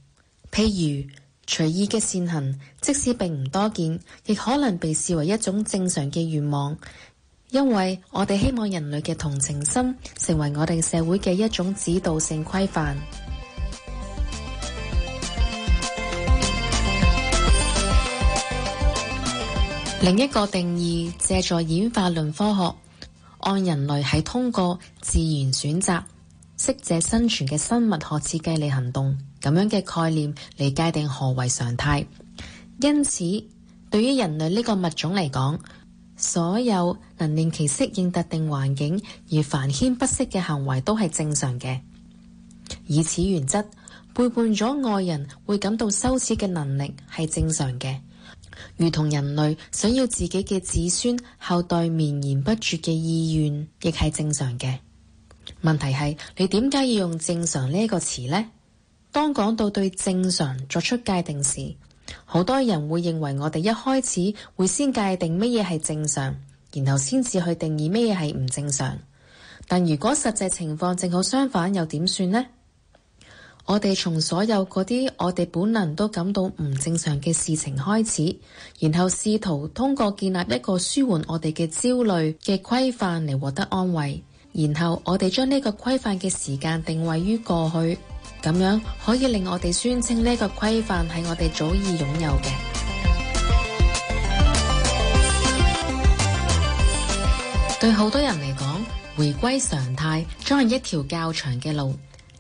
譬如隨意嘅善行，即使並唔多見，亦可能被視為一種正常嘅願望，因為我哋希望人類嘅同情心成為我哋社會嘅一種指導性規範。另一個定義，借助演化論科學，按人類係通過自然選擇適者生存嘅生物學設計嚟行動，咁樣嘅概念嚟界定何為常態。因此，對於人類呢個物種嚟講，所有能令其適應特定環境而繁衍不息嘅行為都係正常嘅。以此原則，背叛咗愛人會感到羞恥嘅能力係正常嘅。如同人類想要自己嘅子孫後代綿延不絕嘅意願，亦係正常嘅。問題係你點解要用“正常”呢個詞呢？當講到對正常作出界定時，好多人會認為我哋一開始會先界定乜嘢係正常，然後先至去定義乜嘢係唔正常。但如果實際情況正好相反，又點算呢？我哋從所有嗰啲我哋本能都感到唔正常嘅事情開始，然後試圖通過建立一個舒緩我哋嘅焦慮嘅規範嚟獲得安慰。然後我哋將呢個規範嘅時間定位於過去，咁樣可以令我哋宣稱呢個規範係我哋早已擁有嘅。對好多人嚟講，回歸常態將係一條較長嘅路。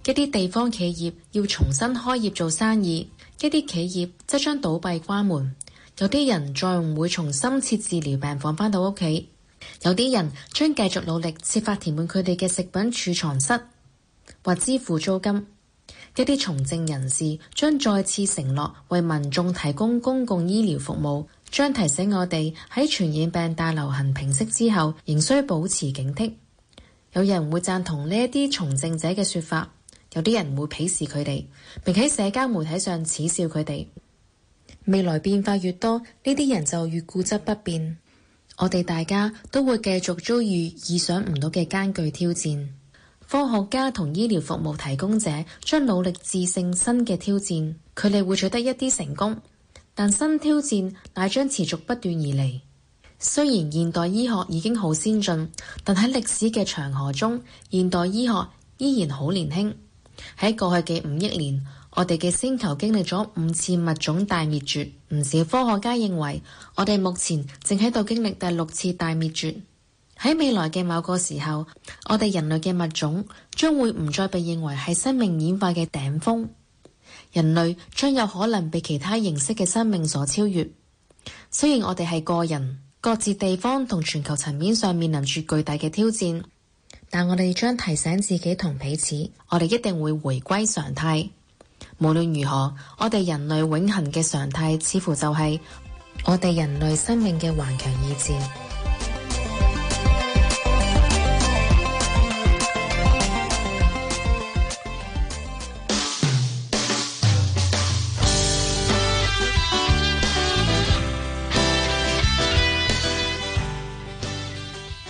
一啲地方企業要重新開業做生意，一啲企業則將倒閉關門。有啲人再唔會從深切治療病房返到屋企，有啲人將繼續努力設法填滿佢哋嘅食品儲藏室或支付租金。一啲從政人士將再次承諾為民眾提供公共醫療服務，將提醒我哋喺傳染病大流行平息之後，仍需保持警惕。有人會贊同呢一啲從政者嘅說法。有啲人會鄙視佢哋，並喺社交媒體上恥笑佢哋。未來變化越多，呢啲人就越固執不變。我哋大家都會繼續遭遇意想唔到嘅艱巨挑戰。科學家同醫療服務提供者將努力制勝新嘅挑戰。佢哋會取得一啲成功，但新挑戰乃將持續不斷而嚟。雖然現代醫學已經好先進，但喺歷史嘅長河中，現代醫學依然好年輕。喺過去嘅五億年，我哋嘅星球經歷咗五次物種大滅絕。唔少科學家認為，我哋目前正喺度經歷第六次大滅絕。喺未來嘅某個時候，我哋人類嘅物種將會唔再被認為係生命演化嘅頂峰，人類將有可能被其他形式嘅生命所超越。雖然我哋係個人，各自地方同全球層面上面臨住巨大嘅挑戰。但我哋將提醒自己同彼此，我哋一定會回歸常態。無論如何，我哋人類永恆嘅常態，似乎就係我哋人類生命嘅頑強意志。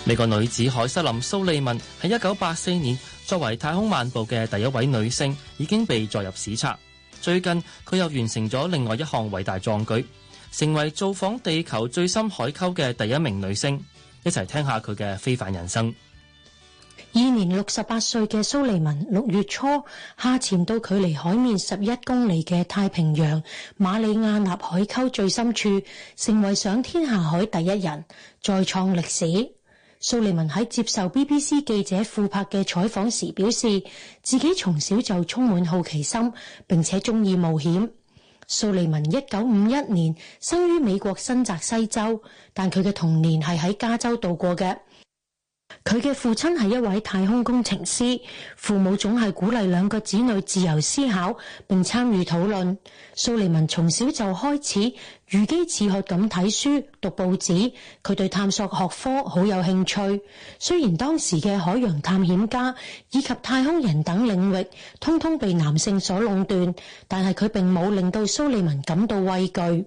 美國女子凱瑟琳蘇利文喺一九八四年作為太空漫步嘅第一位女性，已經被載入史冊。最近佢又完成咗另外一項偉大壯舉，成為造訪地球最深海溝嘅第一名女性。一齊聽一下佢嘅非凡人生。現年六十八歲嘅蘇利文六月初下潛到距離海面十一公里嘅太平洋馬里亞納海溝最深處，成為上天下海第一人，再創歷史。蘇利文喺接受 BBC 記者富柏嘅採訪時表示，自己從小就充滿好奇心，並且中意冒險。蘇利文一九五一年生於美國新澤西州，但佢嘅童年係喺加州度過嘅。佢嘅父親係一位太空工程師，父母總係鼓勵兩個子女自由思考並參與討論。蘇利文從小就開始如飢似渴咁睇書讀報紙，佢對探索學科好有興趣。雖然當時嘅海洋探險家以及太空人等領域通通被男性所壟斷，但係佢並冇令到蘇利文感到畏懼。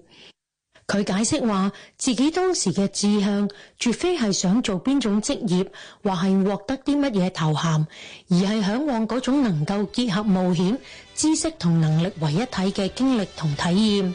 佢解釋話：自己當時嘅志向，絕非係想做邊種職業，或係獲得啲乜嘢頭銜，而係向往嗰種能夠結合冒險、知識同能力為一體嘅經歷同體驗。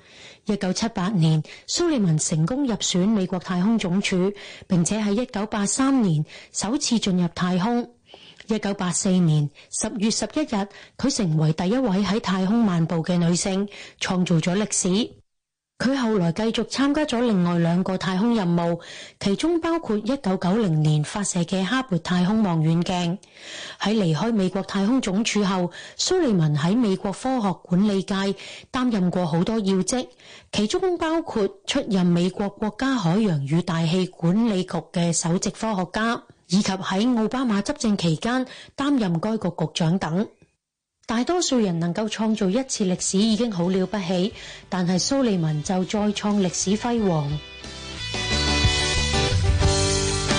一九七八年，蘇利文成功入選美國太空總署，並且喺一九八三年首次進入太空。一九八四年十月十一日，佢成為第一位喺太空漫步嘅女性，創造咗歷史。佢後來繼續參加咗另外兩個太空任務，其中包括1990年發射嘅哈勃太空望遠鏡。喺離開美國太空總署後，蘇利文喺美國科學管理界擔任過好多要職，其中包括出任美國國家海洋與大氣管理局嘅首席科學家，以及喺奧巴馬執政期間擔任該局局長等。大多數人能夠創造一次歷史已經好了不起，但係蘇利文就再創歷史輝煌。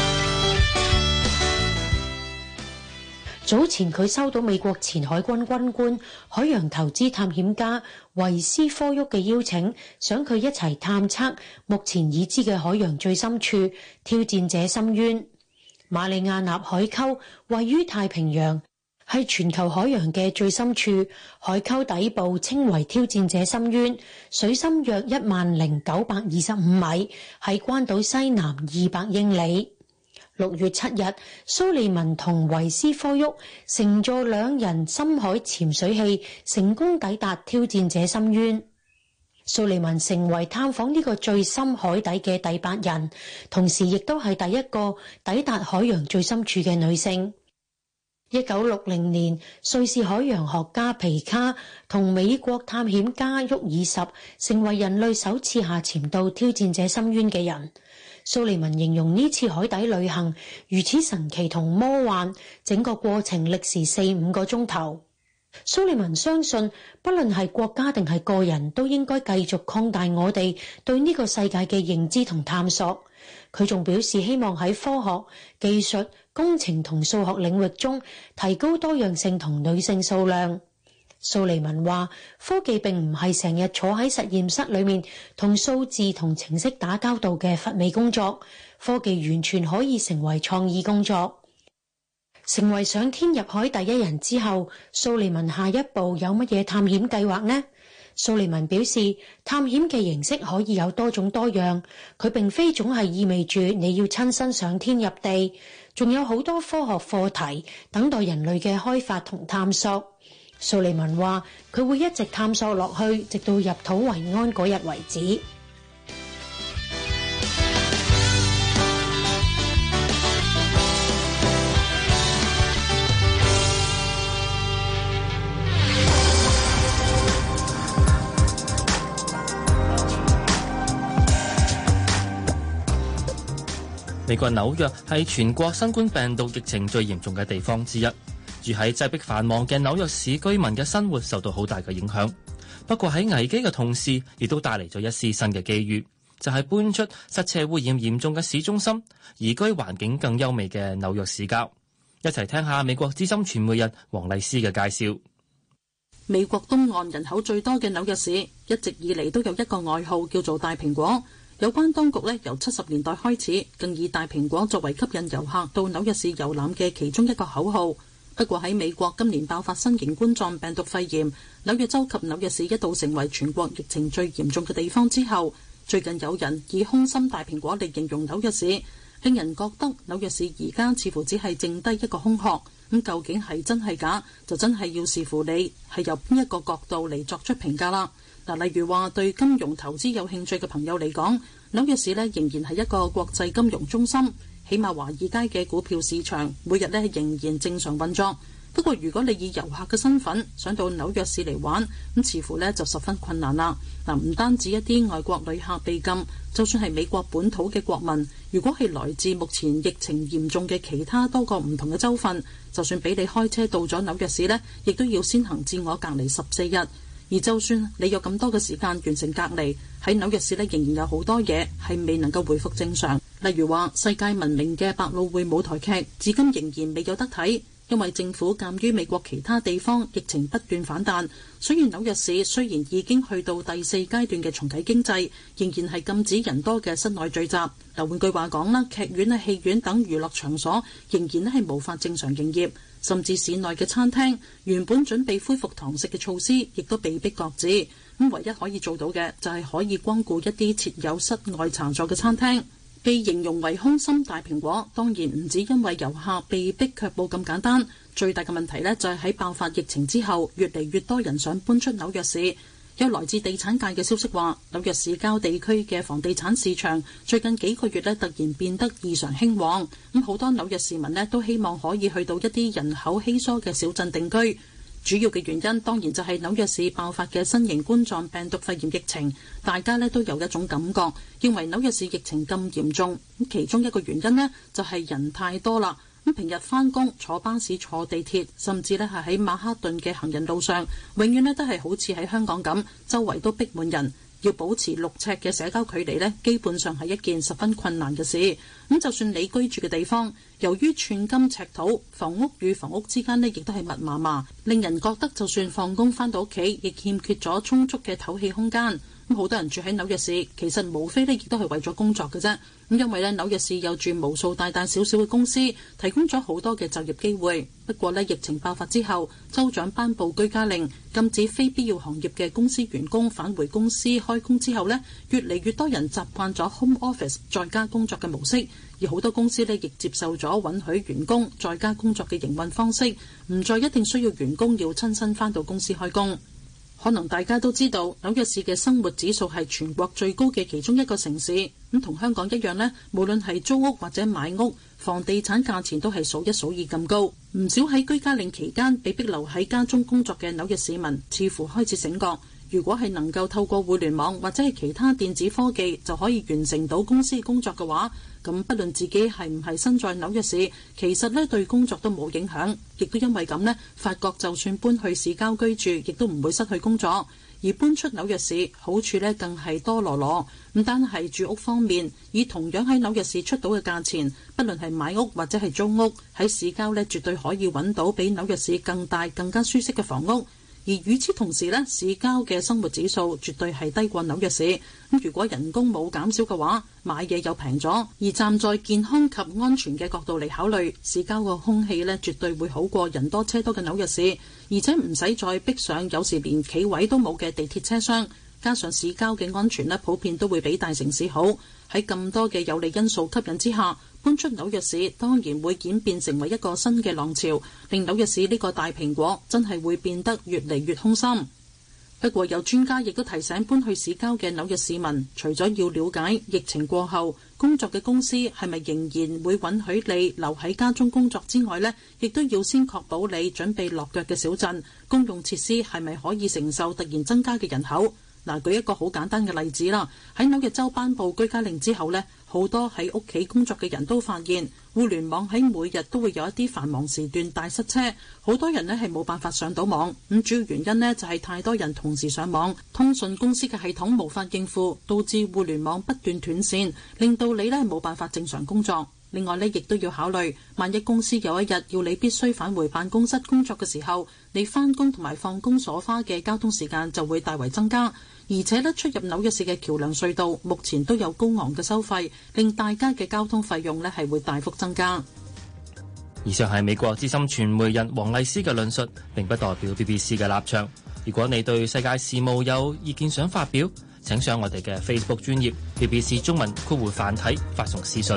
早前佢收到美國前海軍軍官、海洋投資探險家維斯科沃嘅邀請，想佢一齊探測目前已知嘅海洋最深處——挑戰者深淵。馬利亞納海溝位於太平洋。喺全球海洋嘅最深處，海溝底部稱為挑戰者深淵，水深約一萬零九百二十五米，喺關島西南二百英里。六月七日，蘇利文同維斯科沃乘坐兩人深海潛水器成功抵達挑戰者深淵。蘇利文成為探訪呢個最深海底嘅第八人，同時亦都係第一個抵達海洋最深處嘅女性。一九六零年，瑞士海洋學家皮卡同美國探險家沃爾什成為人類首次下潛到挑戰者深淵嘅人。蘇利文形容呢次海底旅行如此神奇同魔幻，整個過程歷時四五個鐘頭。蘇利文相信，不論係國家定係個人，都應該繼續擴大我哋對呢個世界嘅認知同探索。佢仲表示希望喺科學技術、工程同數學領域中提高多樣性同女性數量，蘇利文話：科技並唔係成日坐喺實驗室裏面同數字同程式打交道嘅乏味工作。科技完全可以成為創意工作。成為上天入海第一人之後，蘇利文下一步有乜嘢探險計劃呢？蘇利文表示，探險嘅形式可以有多種多樣，佢並非總係意味住你要親身上天入地。仲有好多科學課題等待人類嘅開發同探索。蘇利文話，佢會一直探索落去，直到入土為安嗰日為止。美國紐約係全國新冠病毒疫情最嚴重嘅地方之一，住喺擠迫繁忙嘅紐約市居民嘅生活受到好大嘅影響。不過喺危機嘅同時，亦都帶嚟咗一絲新嘅機遇，就係、是、搬出塞車污染嚴重嘅市中心，移居環境更優美嘅紐約市郊。一齊聽一下美國資深傳媒人黃麗詩嘅介紹。美國東岸人口最多嘅紐約市，一直以嚟都有一個外號叫做大蘋果。有關當局呢，由七十年代開始，更以大蘋果作為吸引遊客到紐約市遊覽嘅其中一個口號。不過喺美國今年爆發新型冠狀病毒肺炎，紐約州及紐約市一度成為全國疫情最嚴重嘅地方之後，最近有人以空心大蘋果嚟形容紐約市，令人覺得紐約市而家似乎只係剩低一個空殼。咁究竟係真係假，就真係要視乎你係由邊一個角度嚟作出評價啦。嗱，例如話對金融投資有興趣嘅朋友嚟講，紐約市咧仍然係一個國際金融中心，起碼華爾街嘅股票市場每日咧仍然正常運作。不過，如果你以遊客嘅身份上到紐約市嚟玩，咁似乎咧就十分困難啦。嗱，唔單止一啲外國旅客被禁，就算係美國本土嘅國民，如果係來自目前疫情嚴重嘅其他多個唔同嘅州份，就算俾你開車到咗紐約市咧，亦都要先行自我隔離十四日。而就算你有咁多嘅時間完成隔離，喺紐約市呢，仍然有好多嘢係未能夠回復正常。例如話，世界聞名嘅百老匯舞台劇，至今仍然未有得睇，因為政府鑑於美國其他地方疫情不斷反彈。所以紐約市雖然已經去到第四階段嘅重啓經濟，仍然係禁止人多嘅室內聚集。嗱，換句話講啦，劇院啊、戲院等娛樂場所仍然咧係無法正常營業。甚至市內嘅餐廳原本準備恢復堂食嘅措施，亦都被逼擱置。咁唯一可以做到嘅，就係、是、可以光顧一啲設有室外茶座嘅餐廳。被形容為空心大蘋果，當然唔止因為遊客被逼卻步咁簡單。最大嘅問題呢，就係喺爆發疫情之後，越嚟越多人想搬出紐約市。有來自地產界嘅消息話，紐約市郊地區嘅房地產市場最近幾個月呢突然變得異常興旺。咁好多紐約市民呢都希望可以去到一啲人口稀疏嘅小鎮定居。主要嘅原因當然就係紐約市爆發嘅新型冠狀病毒肺炎疫情，大家呢都有一種感覺，認為紐約市疫情咁嚴重，其中一個原因呢就係人太多啦。咁平日翻工坐巴士、坐地鐵，甚至咧係喺曼克頓嘅行人路上，永遠咧都係好似喺香港咁，周圍都逼滿人，要保持六呎嘅社交距離呢，基本上係一件十分困難嘅事。咁就算你居住嘅地方，由於寸金尺土，房屋與房屋之間呢亦都係密麻麻，令人覺得就算放工翻到屋企，亦欠缺咗充足嘅透氣空間。好多人住喺紐約市，其實無非呢亦都係為咗工作嘅啫。咁因為呢紐約市有住無數大大小小嘅公司，提供咗好多嘅就業機會。不過呢疫情爆發之後，州長頒佈居家令，禁止非必要行業嘅公司員工返回公司開工之後呢，越嚟越多人習慣咗 home office 在家工作嘅模式，而好多公司呢亦接受咗允許員工在家工作嘅營運方式，唔再一定需要員工要親身返到公司開工。可能大家都知道紐約市嘅生活指數係全國最高嘅其中一個城市。咁同香港一樣咧，無論係租屋或者買屋，房地產價錢都係數一數二咁高。唔少喺居家令期間被逼留喺家中工作嘅紐約市民，似乎開始醒覺，如果係能夠透過互聯網或者係其他電子科技就可以完成到公司工作嘅話。咁不論自己係唔係身在紐約市，其實咧對工作都冇影響，亦都因為咁咧，發覺就算搬去市郊居住，亦都唔會失去工作。而搬出紐約市，好處咧更係多羅羅。唔單係住屋方面，以同樣喺紐約市出到嘅價錢，不論係買屋或者係租屋，喺市郊咧絕對可以揾到比紐約市更大、更加舒適嘅房屋。而與此同時咧，市郊嘅生活指數絕對係低過紐約市。咁如果人工冇減少嘅話，買嘢又平咗。而站在健康及安全嘅角度嚟考慮，市郊個空氣咧絕對會好過人多車多嘅紐約市，而且唔使再逼上有時連企位都冇嘅地鐵車廂，加上市郊嘅安全咧普遍都會比大城市好。喺咁多嘅有利因素吸引之下，搬出紐約市當然會演變成為一個新嘅浪潮，令紐約市呢個大蘋果真係會變得越嚟越空心。不過有專家亦都提醒搬去市郊嘅紐約市民，除咗要了解疫情過後工作嘅公司係咪仍然會允許你留喺家中工作之外咧，亦都要先確保你準備落腳嘅小鎮公用設施係咪可以承受突然增加嘅人口。嗱，舉一個好簡單嘅例子啦。喺紐約州頒布居家令之後咧，好多喺屋企工作嘅人都發現互聯網喺每日都會有一啲繁忙時段大塞車，好多人咧係冇辦法上到網，咁主要原因咧就係太多人同時上網，通訊公司嘅系統無法應付，導致互聯網不斷斷線，令到你咧冇辦法正常工作。另外咧，亦都要考慮，萬一公司有一日要你必須返回辦公室工作嘅時候，你翻工同埋放工所花嘅交通時間就會大為增加。而且呢，出入紐約市嘅橋梁隧道目前都有高昂嘅收費，令大家嘅交通費用呢係會大幅增加。以上係美國資深傳媒人黃麗斯嘅論述，並不代表 BBC 嘅立場。如果你對世界事務有意見想發表，請上我哋嘅 Facebook 專頁 BBC 中文括弧繁體發送私信。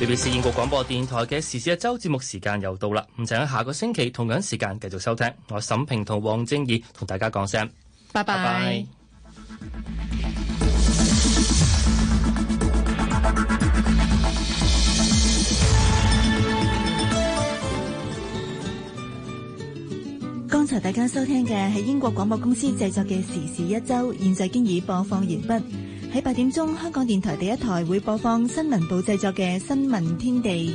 BBC 英國廣播電台嘅時事一周節目時間又到啦，唔請喺下個星期同樣時間繼續收聽，我沈平同王晶義同大家講聲，拜拜 bye。剛 bye 才大家收聽嘅係英國廣播公司製作嘅時事一周，現在經已播放完畢。喺八點鐘，香港電台第一台會播放新聞部製作嘅《新聞天地》。